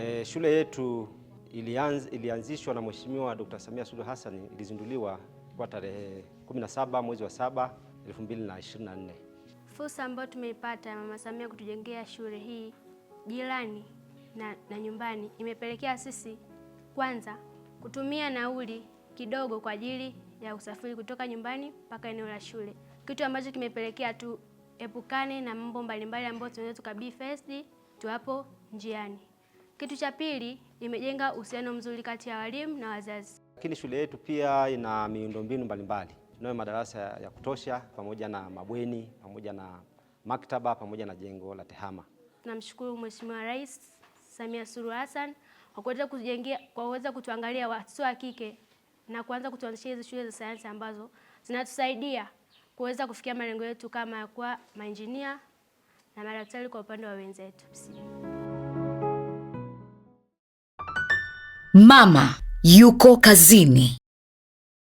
E, shule yetu ilianz, ilianzishwa na Mheshimiwa Dr. Samia Suluhu Hassan, ilizinduliwa kwa tarehe 17 mwezi wa 7 2024. Fursa ambayo tumeipata Mama Samia kutujengea shule hii jirani na, na nyumbani imepelekea sisi kwanza kutumia nauli kidogo kwa ajili ya usafiri kutoka nyumbani mpaka eneo la shule, kitu ambacho kimepelekea tuepukane na mambo mbalimbali ambayo tunaweza tukabi first tuwapo njiani. Kitu cha pili, imejenga uhusiano mzuri kati ya walimu na wazazi. Lakini shule yetu pia ina miundombinu mbalimbali. Tunayo madarasa ya kutosha pamoja na mabweni pamoja na maktaba pamoja na jengo la TEHAMA. Tunamshukuru Mheshimiwa Rais Samia Suluhu Hassan kwa kuweza kujengea kwa kuweza kutuangalia watoto wa kike na kuanza kutuanzisha hizo shule za sayansi ambazo zinatusaidia kuweza kufikia malengo yetu kama ya kuwa mainjinia na madaktari kwa upande wa wenzetu. Mama yuko kazini.